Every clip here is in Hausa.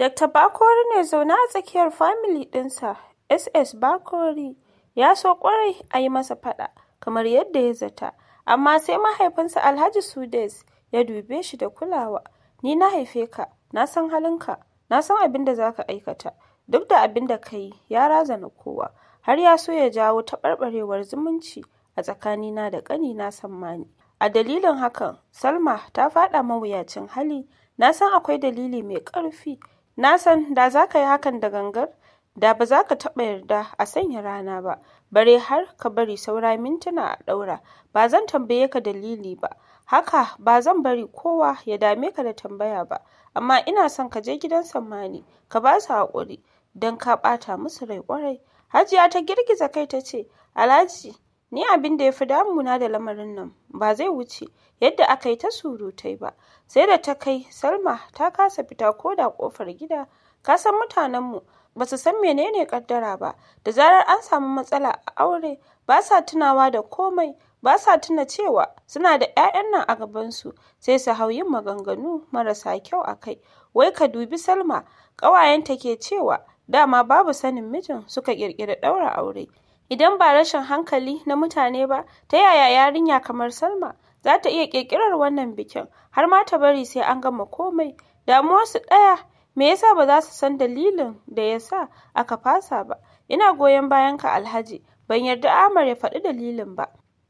Dr. Bakori ne zaune a tsakiyar famili ɗinsa, Ss Bakori, ya so ƙwarai a yi masa faɗa, kamar yadda ya zata, amma sai mahaifinsa Alhaji Sudes ya dube shi da kulawa. Ni na haife ka, na san halinka, na san abin da za ka aikata, duk da abin da ka yi ya razana kowa, har ya so ya jawo taɓarɓarewar zumunci a tsakanina da ƙanina Sammani. A dalilin hakan, Salma ta faɗa mawuyacin hali, na san akwai dalili mai ƙarfi Na san da za ka yi hakan da gangar, da ba za ka taɓa yarda a sanya rana ba, bare har ka bari saura mintuna a ɗaura. Ba zan tambaye ka dalili ba, haka ba zan bari kowa ya dame ka da tambaya ba, amma ina son ka je gidan sammani, ka ba su haƙuri, don ka ɓata musu rai ƙwarai. Hajiya ta girgiza kai ta ce, Alhaji, Ni abin da ya fi damuna da lamarin nan ba zai wuce yadda aka yi ta surutai ba, sai da ta kai Salma ta kasa fita ko da ƙofar gida. Ka san mutanenmu ba su san menene kaddara ba, da zarar an samu matsala a aure ba sa tunawa da komai, ba sa tuna cewa suna da 'ya'yan nan a gabansu sai su hau yin maganganu marasa kyau a kai. Wai ka dubi Salma, ƙawayenta ke cewa dama babu sanin mijin suka ƙirƙiri ɗaura aure. idan ba rashin hankali na mutane ba ta yaya yarinya kamar Salma za ta iya ƙirƙirar wannan bikin har ma ta bari sai an gama komai su ɗaya me yasa ba za su san dalilin da ya sa aka fasa ba ina goyon bayan ka alhaji ban yarda Amar ya faɗi dalilin ba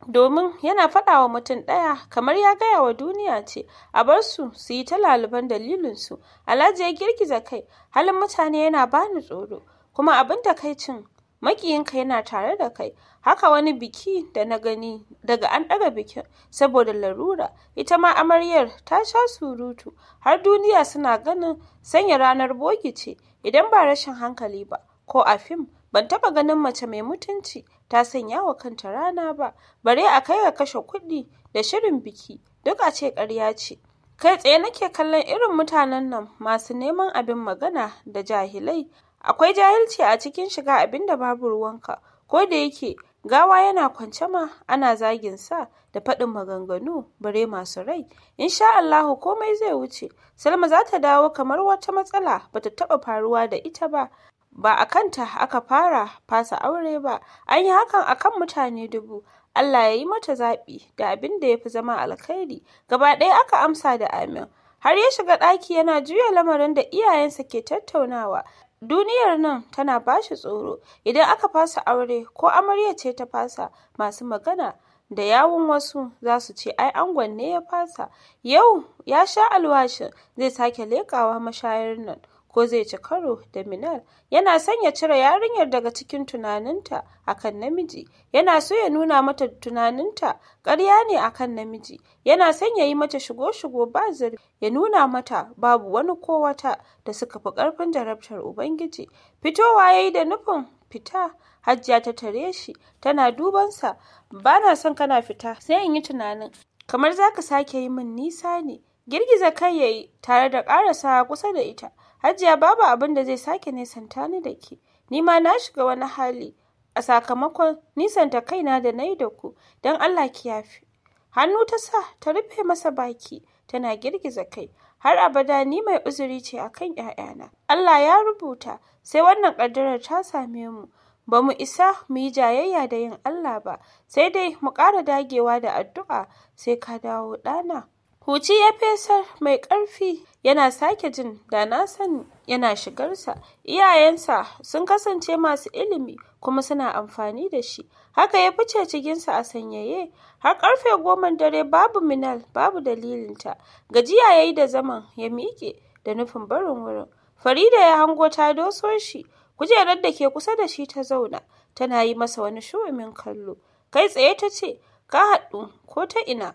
domin yana faɗa wa mutum ɗaya kamar ya gaya wa duniya ce a bar su su yi ta laluban dalilinsu alhaji ya girgiza kai halin mutane yana bani tsoro kuma abin takaicin makiyinka yana tare da kai haka wani biki da na gani daga an ɗaga bikin saboda larura ita ma amaryar ta sha surutu har duniya suna ganin sanya ranar bogi ce idan ba rashin hankali ba ko a fim ban taɓa ganin mace mai mutunci ta sanya wa kanta rana ba bare a kai ga kashe kuɗi da shirin biki duk a ce ƙarya ce kai tsaye nake kallon irin mutanen nan masu neman abin magana da jahilai akwai jahilci a cikin shiga abinda babu ruwanka ko da yake gawa yana kwance ma ana zagin sa da faɗin maganganu bare masu rai insha Allahu komai zai wuce Salma za ta dawo kamar wata matsala bata taɓa faruwa da ita ba ba a kanta aka fara fasa aure ba an yi hakan a kan mutane dubu Allah ya yi mata zaɓi da abin da ya fi zama alkhairi gaba ɗaya aka amsa da amin har ya shiga ɗaki yana juya lamarin da iyayensa ke tattaunawa Duniyar nan tana bashi tsoro, idan aka fasa aure ko amarya ce ta fasa, masu magana da yawun wasu za su ce ai angon ne ya fasa, yau ya sha alwashin zai sake leƙawa mashayar nan ko zai ci karo da minar? yana son ya cire yarinyar daga cikin tunaninta akan namiji yana so ya nuna mata tunaninta ƙarya ne akan namiji yana son ya yi mata shigo-shigo ba zari ya nuna mata babu wani ko wata da suka fi ƙarfin jarabtar Ubangiji fitowa ya yi da nufin fita Hajiya ta tare shi tana dubansa ba na son kana fita sai in yi tunanin kamar za ka sake yi min nisa ne girgiza kai yi, tare da ƙarasa kusa da ita Hajiya babu abin da zai sake nisanta ni da ke. Ni ma na shiga wani hali a sakamakon nisanta kaina da na yi da ku, don Allah ki yafi. Hannu ta sa ta rufe masa baki, tana girgiza kai. Har abada ni mai uzuri ce a kan ‘ya'yana. Allah ya rubuta, sai wannan ƙaddarar ta same mu. Ba mu isa mu yi jayayya da yin Allah ba, sai dai mu ƙara dagewa da addu'a sai ka dawo ɗana. Huci ya fesar mai ƙarfi yana sake jin da na sani yana shigarsa. Iyayensa sun kasance masu ilimi kuma suna amfani da shi. Haka ya fice cikinsa a sanyaye. Har ƙarfe goman dare babu Minal babu dalilinta. Gajiya ya yi da zaman ya miƙe da nufin barin wurin. Farida ya hango ta dososhi. shi. Kujerar da ke kusa da shi ta zauna. Tana yi masa wani shu'umin kallo. Kai tsaye ta ce, Ka haɗu ko ta ina.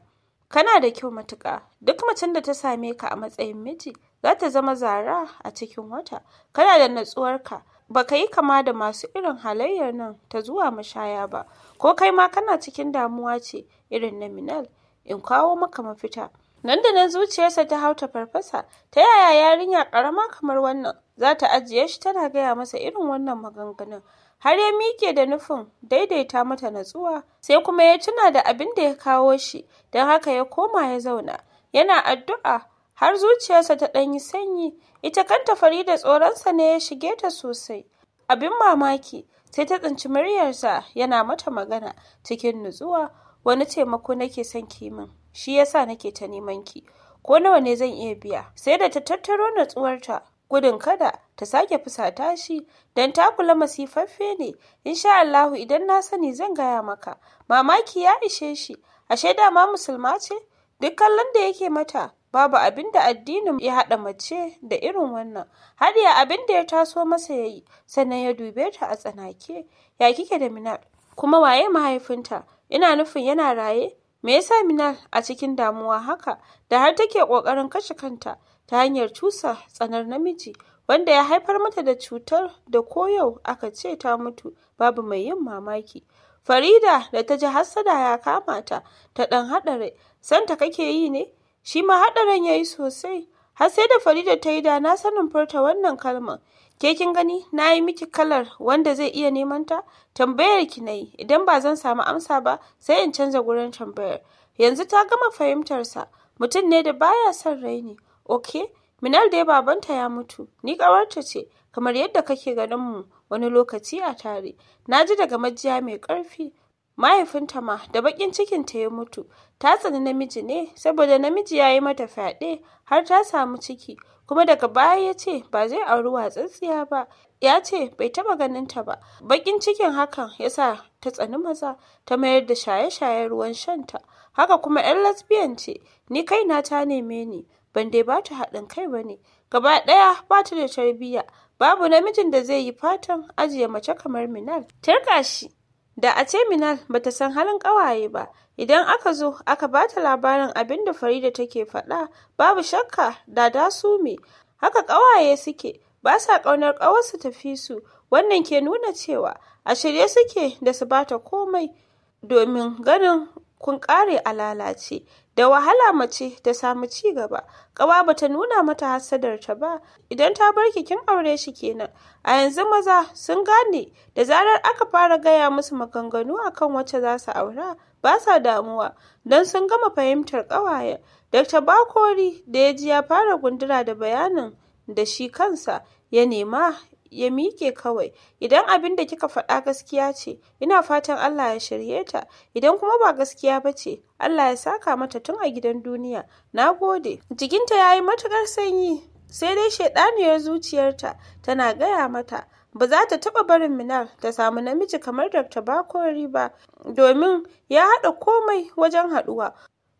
kana da kyau matuka. duk macen da ta same ka a matsayin miji za ta zama zara a cikin wata kana da natsuwarka ka yi kama da masu irin halayyar nan ta zuwa mashaya ba ko kai ma kana cikin damuwa ce irin na minal in kawo maka mafita nan da nan zuciyarsa ta hau ta farfasa ta yaya yarinya karama kamar wannan za ta ajiye shi tana gaya masa irin wannan maganganun har ya mike da nufin daidaita mata natsuwa sai kuma ya tuna da abin da ya kawo shi don haka ya koma ya zauna yana addu'a har zuciyarsa ta yi sanyi ita kanta da tsoronsa ne ya shige ta sosai abin mamaki sai ta tsinci muryarsa yana mata magana cikin nutsuwa wani taimako nake son kimin shi yasa nake ta neman ki ko nawa ne zan iya biya sai da ta tattaro natsuwarta gudun kada ta sake fusata shi don ta kula masifaffe ne insha Allahu idan na sani zan gaya maka mamaki ya ishe shi ashe dama musulma ce duk kallon da yake mata babu abin da addinin ya haɗa mace da irin wannan har ya abin da ya taso masa ya yi sannan ya dube ta a tsanake ya kike da minal kuma waye mahaifinta ina nufin yana raye me yasa minal a cikin damuwa haka da har take ƙoƙarin kashe kanta ta hanyar cusa tsanar namiji wanda ya haifar mata da cutar da ko aka ce ta mutu babu mai yin mamaki. Farida da ta ji hassada ya kama ta ta ɗan hadare, santa kake yi ne? Shi ma hadaren ya yi sosai, har sai da Farida ta yi da na sanin furta wannan kalmar. Ke kin gani na yi miki kalar wanda zai iya neman ta? Tambayar ki na yi, idan ba zan samu amsa ba sai in canza gurin tambayar. Yanzu ta gama fahimtarsa, mutum ne da baya son raini, Ok, Minal dai babanta ya mutu, ni ƙawarta ce, kamar yadda kake ganin mu wani lokaci a tare. Na ji daga majiya mai ƙarfi, mahaifinta ma da baƙin cikinta ya mutu. Ta tsani namiji ne, saboda namiji ya yi mata fyaɗe har ta samu ciki, kuma daga baya ya ce ba zai auri watsatsiya ba. Ya ce bai taɓa ta ba. Baƙin cikin hakan ya sa ta tsani maza, ta mayar da shaye-shaye ruwan shanta. Haka kuma 'yan lesbian ce, ni kaina ta neme ni. ban dai ba ta haɗin kai ba ne gaba ɗaya ba ta da tarbiyya babu namijin da zai yi fatan ajiye mace kamar Minal tarka shi da a ce Minal ba ta san halin ƙawaye ba idan aka zo aka ba ta labarin abin da Farida take faɗa babu shakka da da su me haka ƙawaye suke ba sa ƙaunar ƙawarsu tafi su wannan ke nuna cewa a shirye suke da su bata komai domin ganin kun ƙare a lalace da wahala mace ta samu ci gaba ƙawa bata nuna mata hasadar ta ba idan ta bar ki kin aure shi kenan a yanzu maza sun gane da zarar aka fara gaya musu maganganu akan wacce za su aura ba sa damuwa don sun gama fahimtar ƙawayen dr bakori da ya ji ya fara gundura da bayanin da shi kansa ya nema ya mike kawai idan abin da kika faɗa gaskiya ce ina fatan Allah ya shirye ta idan kuma ba gaskiya ba ce Allah ya saka mata tun a gidan duniya na gode jikinta ya yi matukar sanyi sai dai shaidaniyar zuciyarta tana gaya mata ba za ta taɓa barin Minal ta samu namiji kamar Dr. Bakori ba domin ya haɗa komai wajen haɗuwa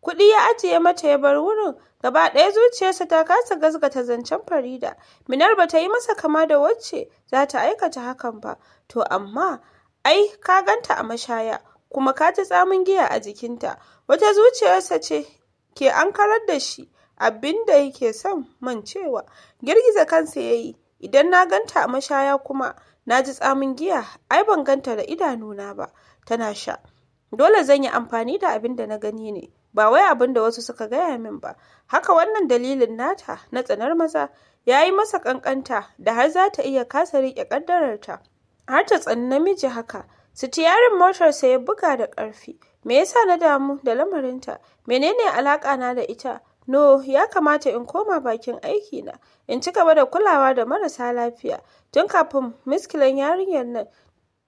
Kuɗi ya ajiye mata ya bar wurin, gaba ɗaya zuciyarsa ta kasa gasgata zancen Farida. Minar ba ta yi masa kama da wacce za ta aikata hakan ba, to amma ai ka ganta a mashaya kuma ka ji tsamin giya a jikinta. Wata zuciyarsa ce ke ankarar da shi abin da yake son mancewa. Girgiza kansa ya yi, idan na ganta a mashaya kuma na ji tsamin giya, ai ban ganta da idanuna ba, tana sha. Dole zan yi amfani da abin da na gani ne. ba wai abin da wasu suka gaya min ba haka wannan dalilin nata na tsanar maza ya yi masa kankanta da har za ta iya kasa riƙe ƙaddararta har ta tsan namiji haka sitiyarin motarsa ya buga da ƙarfi me yasa na damu da lamarinta menene alaƙa na da ita no ya kamata in koma bakin aiki na in ci gaba da kulawa da marasa lafiya tun kafin miskilan yarinyar nan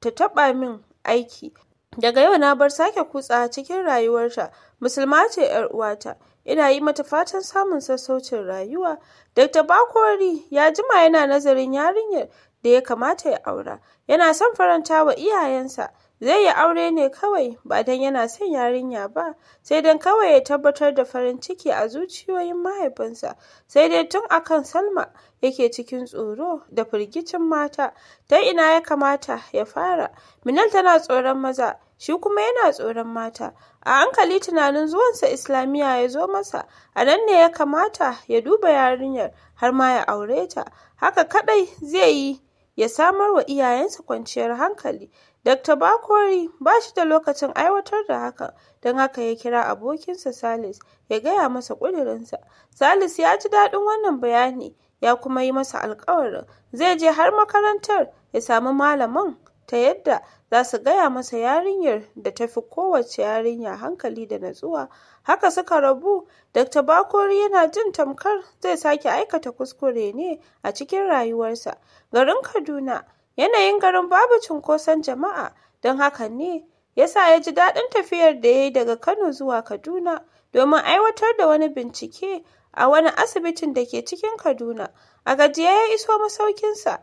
ta taɓa min aiki Daga yau na bar sake kutsa cikin rayuwarta, musulma ce ‘yar uwata, ina yi mata fatan samun sassaucin rayuwa. Dr. Bakori ya jima yana nazarin yarinyar da ya kamata ya aura, yana son faranta wa iyayensa. Zai yi aure ne kawai ba don yana son yarinya ba, sai don kawai ya tabbatar da farin ciki a zuciyoyin mahaifinsa, sai dai tun akan kan Salma yake cikin tsoro da firgicin mata, ta ina ya kamata ya fara? Minal tana tsoron maza, shi kuma yana tsoron mata. A hankali tunanin zuwansa Islamiyya ya zo masa, a nan ne ya kamata ya duba yarinyar har ma ya aure ta, haka kaɗai zai yi ya samar wa iyayensa kwanciyar hankali. Dr. Bakori ba shi da lokacin aiwatar da haka. don haka ya kira abokinsa Salis ya gaya masa ƙudurinsa. Salis ya ji daɗin wannan bayani ya kuma yi masa alkawarin zai je har makarantar ya samu malamin ta yadda za su gaya masa yarinyar da ta fi kowace yarinya hankali da natsuwa haka suka rabu dr bakori yana jin tamkar zai sake aikata kuskure ne a cikin rayuwarsa garin kaduna yanayin garin babu cunkoson jama'a don haka ne Ya sa ya ji daɗin tafiyar da ya yi daga kano zuwa kaduna domin aiwatar da wani bincike a wani asibitin da ke cikin kaduna a gajiya ya iso masaukinsa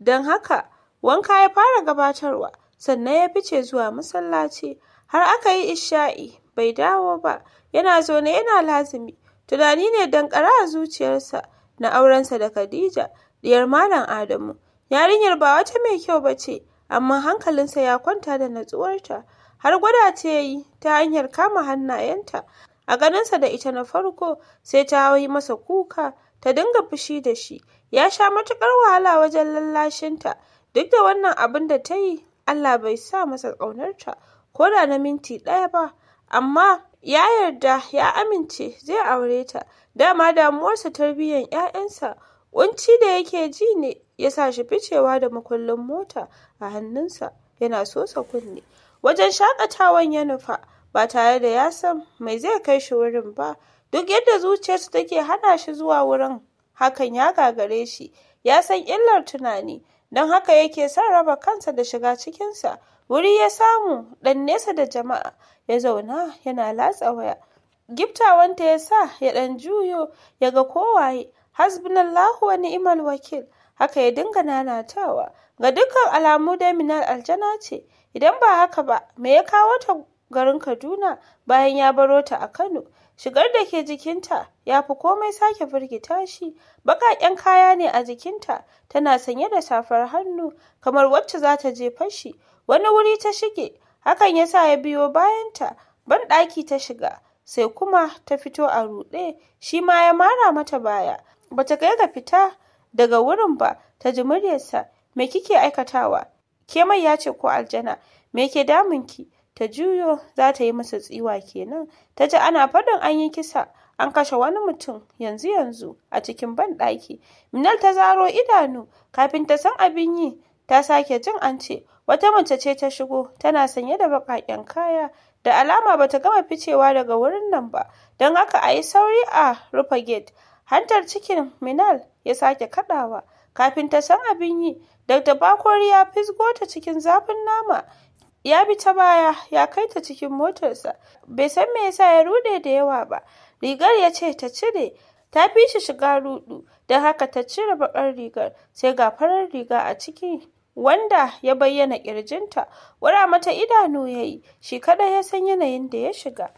don haka wanka ya fara gabatarwa sannan ya fice zuwa masallaci. Har aka yi isha'i bai dawo ba, yana zaune yana lazimi, tunani ne danƙare a zuciyarsa na aurensa da Khadija, diyar Malam Adamu. Yarinyar ba wata mai kyau ba ce, amma hankalinsa ya kwanta da natsuwarta. Har gwada ta yi ta hanyar kama hannayenta, a ganinsa da ita na farko sai ta yi masa kuka, ta dinga fushi da shi, ya sha matukar wahala wajen lallashinta. Duk da wannan abin da ta yi Allah bai sa masa ƙaunarta ko da na minti ɗaya ba, amma ya yarda ya amince zai aure ta, dama damuwarsa tarbiyyar 'ya'yansa, ƙunci da yake ji ne ya sa shi ficewa da makullin mota a hannunsa yana so sa kunne. Wajen shakatawan ya nufa ba tare da ya san mai zai kai shi wurin ba, duk yadda zuciyarsa take hana shi zuwa wurin hakan ya gagare shi, ya san illar tunani. don haka yake son raba kansa da shiga cikinsa. Wuri ya samu ɗan nesa da jama'a ya zauna yana latsa waya. Gifta wanta ya sa ya ɗan juyo ya ga kowaye hasbunallahu wa ni'mal wakil haka ya dinga nanatawa ga dukkan alamu dai minar aljana ce idan ba haka ba me ya kawo ta garin Kaduna bayan ya baro ta a Kano Shigar da ke jikinta ya fi komai sake firgita shi, baƙaƙen kaya ne a jikinta, tana sanye da safar hannu kamar wacce za ta jefa shi, wani wuri ta shige, hakan ya sa ya biyo bayanta, banɗaki ta shiga, sai kuma ta fito a ruɗe, shi ma ya mara mata baya, Ba ta kai ga fita daga wurin ba, ta ji muryarsa, me kike aikatawa? Ke mai ya ce ko aljana, me ke damun ki? ta juyo za ta yi masa tsiwa kenan ta ji ana faɗin an yi kisa an kashe wani mutum yanzu yanzu a cikin banɗaki minal ta zaro idanu kafin ta san abin yi ta sake jin an ce wata mace ce ta shigo tana sanye da baƙaƙen kaya da alama ba ta gama ficewa daga wurin nan ba don haka a yi sauri a rufe gate hantar cikin minal ya sake kaɗawa kafin ta san abin yi dr bakori ya fisgo ta cikin zafin nama ya bi ta baya ya kai ta cikin motarsa bai san me yasa ya rude da yawa ba rigar ya ce ta cire ta fi shi shiga rudu don haka ta cire bakar rigar sai ga farar riga a ciki wanda ya bayyana kirjinta wara mata idanu yayi shi kadai ya san yanayin da ya shiga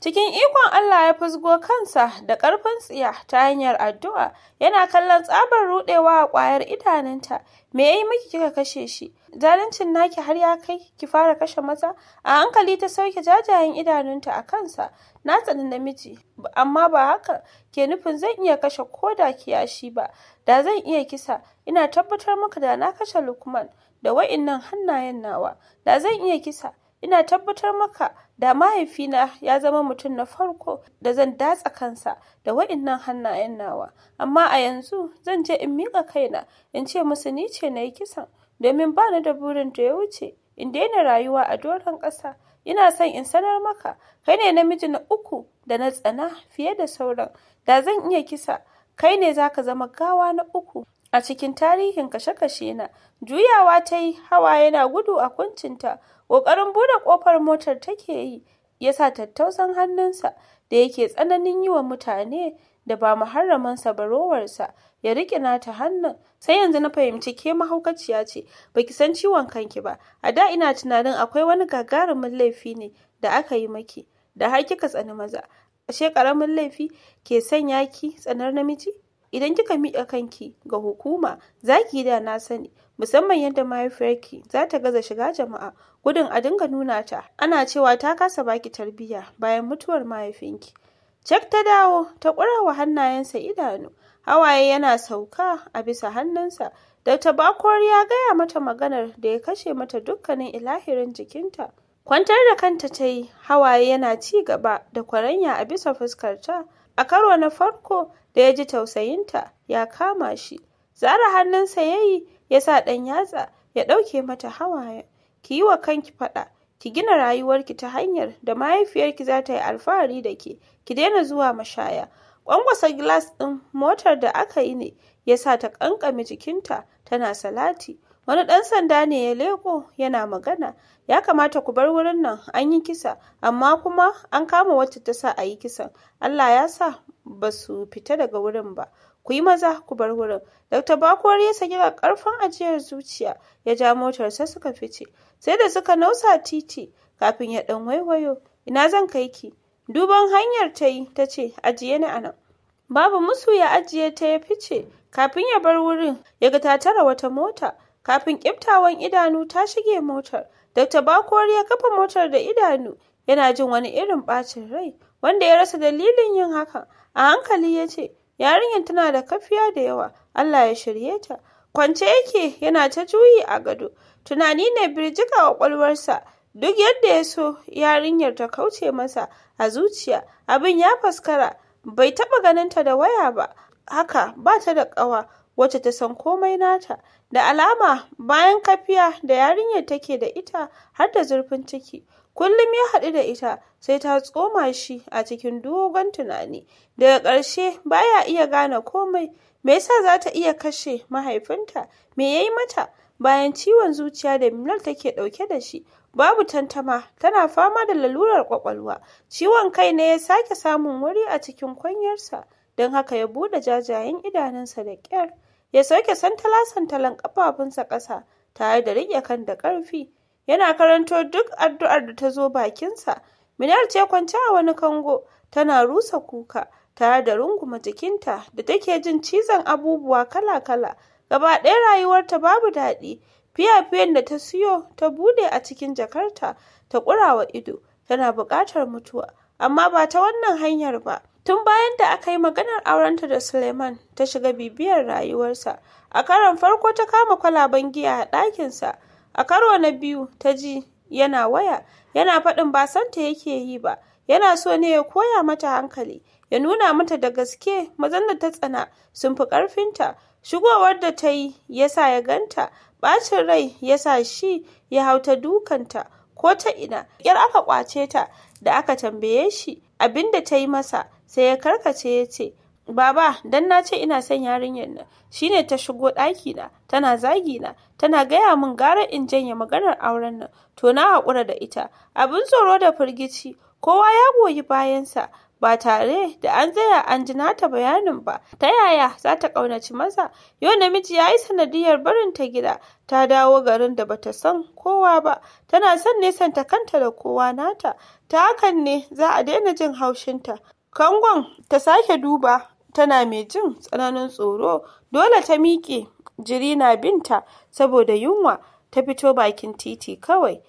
Cikin ikon Allah ya fusgo kansa da ƙarfin tsiya ta hanyar addu'a, yana kallon tsabar ruɗewa a ƙwayar idanunta. Me ya yi miki kika kashe shi? Zaluncin naki har ya kai ki fara kashe maza? A hankali ta sauke jajayen idanunta a kansa. Na tsani namiji, amma ba haka ke nufin zan iya kashe ko da kiyashi ba. Da zan iya kisa, ina tabbatar maka da na kashe Lukman da wa'innan hannayen nawa. Da zan iya kisa, ina tabbatar maka da mahaifina ya zama mutum na farko da zan datsa kansa da wa'innan hannayen nawa amma a yanzu zan je in miƙa kaina in ce musu ni ce na yi kisan domin ba ni da burin da ya wuce in daina rayuwa a doron ƙasa ina son in sanar maka kai ne namiji na uku da na tsana fiye da sauran da zan iya kisa kai ne zaka zama gawa na uku A cikin tarihin kashe-kashe na, juyawa ta yi, hawa yana gudu a kuncinta, ƙoƙarin buɗe ƙofar motar take yi, ya sa tattausan hannunsa da yake tsananin yi wa mutane da ba muharramansa ba rowarsa ya riƙe nata hannun sai yanzu na fahimci ke mahaukaciya ce baki san ciwon kanki ba a da ina tunanin akwai wani gagarumin laifi ne da aka yi maki da har kika tsani maza ashe ƙaramin laifi ke sanya ki tsanar namiji idan kika miƙa kanki ga hukuma za ki yi da na sani musamman yadda mahaifiyarki za ta gaza shiga jama'a gudun a dinga nuna ta ana cewa ta kasa baki tarbiyya bayan mutuwar mahaifinki cak ta dawo ta wa hannayensa idanu hawaye yana sauka a bisa hannunsa da bakor ya gaya mata maganar da ya kashe mata dukkanin ilahirin jikinta kwantar da kanta ta yi hawaye yana ci gaba da kwaranya a bisa fuskarta A karo na farko da ya ji tausayinta ya kama shi, zara hannunsa ya yi ya sa ɗan yatsa ya ɗauke mata hawayen. Ki yi wa kanki faɗa, ki gina rayuwarki ta hanyar da mahaifiyarki za ta yi alfahari da ke, ki daina zuwa mashaya. Ƙwanƙwasa gilas ɗin motar da aka yi ne ya sa ta ƙanƙame jikinta tana salati. Wani ɗan sanda ne ya leko yana magana. Ya kamata ku bar wurin nan an yi kisa, amma kuma an kama wacce ta sa a yi kisan. Allah ya sa ba su fita daga wurin ba. Ku yi maza ku bar wurin. Dr. Bakuwar ya saki ga ƙarfin ajiyar zuciya ya ja motarsa suka fice. Sai da suka nausa titi kafin ya ɗan waiwayo. Ina zan kai ki? Duban hanyar ta yi ta ce ajiye ni anan. Babu musu ya ajiye ta ya fice kafin ya bar wurin ya ga ta tara wata mota. Kafin ƙiftawan idanu ta shige motar. Dr. Bakori ya kafa motar da idanu yana jin wani irin ɓacin rai wanda ya rasa dalilin yin hakan. A hankali ya ce, yarinyar tana da kafiya da yawa, Allah ya shirye ta. Kwance yake yana ta juyi a gado. Tunani ne birjika kwalwarsa Duk yadda ya so yarinyar ta kauce masa a zuciya, abin ya faskara. bai taɓa ta da waya ba haka ba ta da ƙawa wacce ta san komai nata da alama bayan kafiya da yarinyar take da ita har da zurfin ciki kullum ya haɗu da ita sai ta tsoma shi a cikin dogon tunani daga ƙarshe baya iya gane komai me yasa za ta iya kashe mahaifinta me ya yi mata bayan ciwon zuciya da Milal take ɗauke da shi babu tantama tana fama da lalurar ƙwaƙwalwa. ciwon kai ne ya sake samun wuri a cikin kwanyarsa don haka ya buɗe jajayen idanunsa da ƙyar ya sauke santala-santalan ƙafafunsa ƙasa tare da riƙe kan da ƙarfi yana karanto duk addu'ar da ta zo bakinsa minar ce kwance a wani kango tana rusa kuka tare da runguma jikinta da take jin cizon abubuwa kala-kala gaba ɗaya rayuwarta babu daɗi fiyafiyen da ta siyo ta bude a cikin jakarta ta ƙurawa ido tana buƙatar mutuwa amma ba ta wannan hanyar ba Tun bayan da aka yi maganar aurenta da Suleiman, ta shiga bibiyar rayuwarsa. A karon farko ta kama kwalaben giya a ɗakinsa. A karo na biyu ta ji yana waya, yana faɗin ba santa yake yi ba. Yana so ne ya koya mata hankali, ya nuna mata da gaske mazan da ta tsana sun fi ƙarfinta. Shigowar da ta yi ya sa ya ganta, ɓacin rai ya sa shi ya hauta dukanta ko ta ina. Yar aka ƙwace ta da aka tambaye shi. abin da ta yi masa sai ya karkace ya ce Baba, dan na ce ina son yarinyar nan, shine ta shigo ɗaki na, tana zagi na, tana gaya min gara in janye maganar auren nan, to na haƙura da ita. Abin tsoro da firgici, kowa ya goyi bayansa, ba tare da an tsaya an ji nata bayanin ba ta yaya za ta ƙaunaci maza yau namiji ya yi sanadiyar barin ta gida ta dawo garin da bata san kowa ba tana son nesanta kanta da kowa nata ta hakan ne za a daina jin haushinta kangon ta sake duba tana mai jin tsananin tsoro dole ta miƙe jiri na binta saboda yunwa ta fito bakin titi kawai